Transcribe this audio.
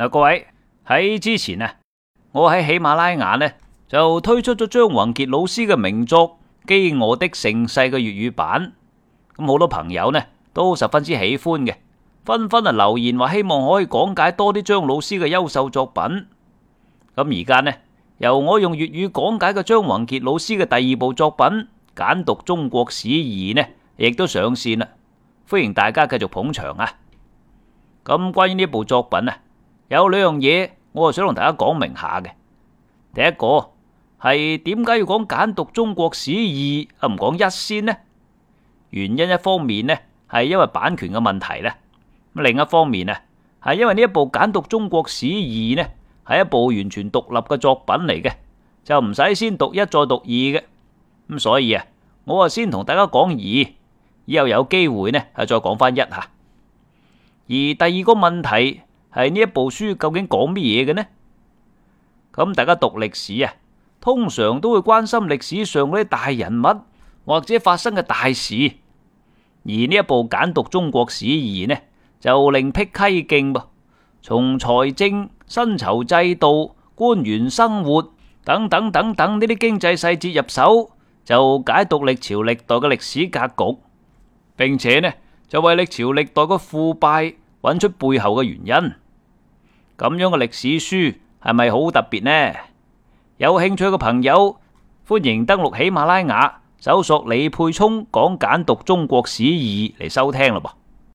嗱，各位喺之前啊，我喺喜馬拉雅呢就推出咗張宏杰老師嘅名作《饑餓的盛世》嘅粵語版，咁好多朋友呢都十分之喜歡嘅，紛紛啊留言話希望可以講解多啲張老師嘅優秀作品。咁而家呢由我用粵語講解嘅張宏杰老師嘅第二部作品《簡讀中國史二》呢，亦都上線啦，歡迎大家繼續捧場啊！咁關於呢部作品啊。有兩樣嘢，我啊想同大家講明下嘅。第一個係點解要講簡讀中國史二啊，唔講一先呢？原因一方面呢係因為版權嘅問題咧，另一方面啊係因為呢一部簡讀中國史二呢係一部完全獨立嘅作品嚟嘅，就唔使先讀一再讀二嘅。咁所以啊，我啊先同大家講二，以後有機會呢啊再講翻一下。而第二個問題。係呢一部書究竟講乜嘢嘅呢？咁大家讀歷史啊，通常都會關心歷史上嗰啲大人物或者發生嘅大事。而呢一部簡讀中國史二呢，就另辟蹊徑噃，從財政、薪酬制度、官員生活等等等等呢啲經濟細節入手，就解讀歷朝歷代嘅歷史格局，並且呢就為歷朝歷代個腐敗。搵出背後嘅原因，咁樣嘅歷史書係咪好特別呢？有興趣嘅朋友，歡迎登錄喜馬拉雅，搜索李沛聰講簡讀中國史二嚟收聽嘞噃。